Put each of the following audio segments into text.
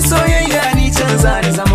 soyayya ni canza da zama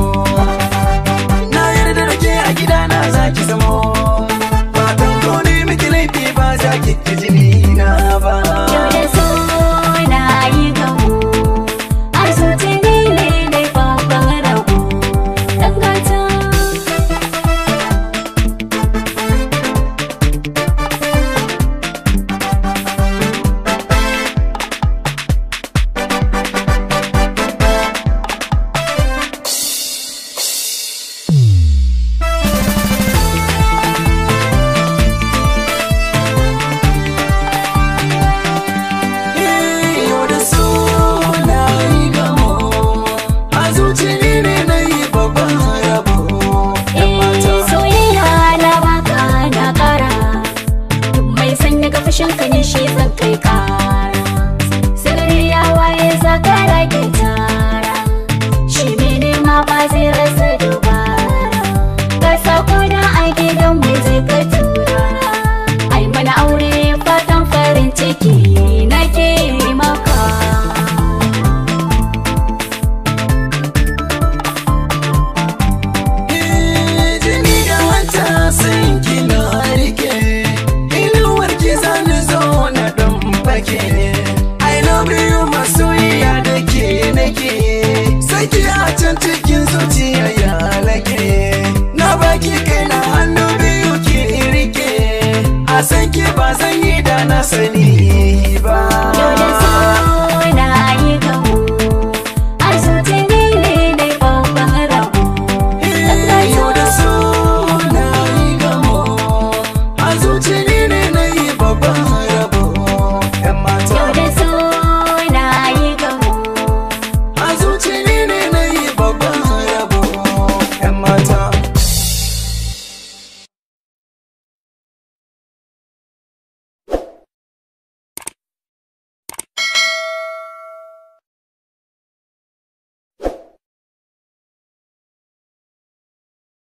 sani shi zan kai kara sirri ya waye za ka rage tara shi mai ba zai rasa dubara ka sako na a gidan mu zai ka tura ai mana aure fatan farin ciki sani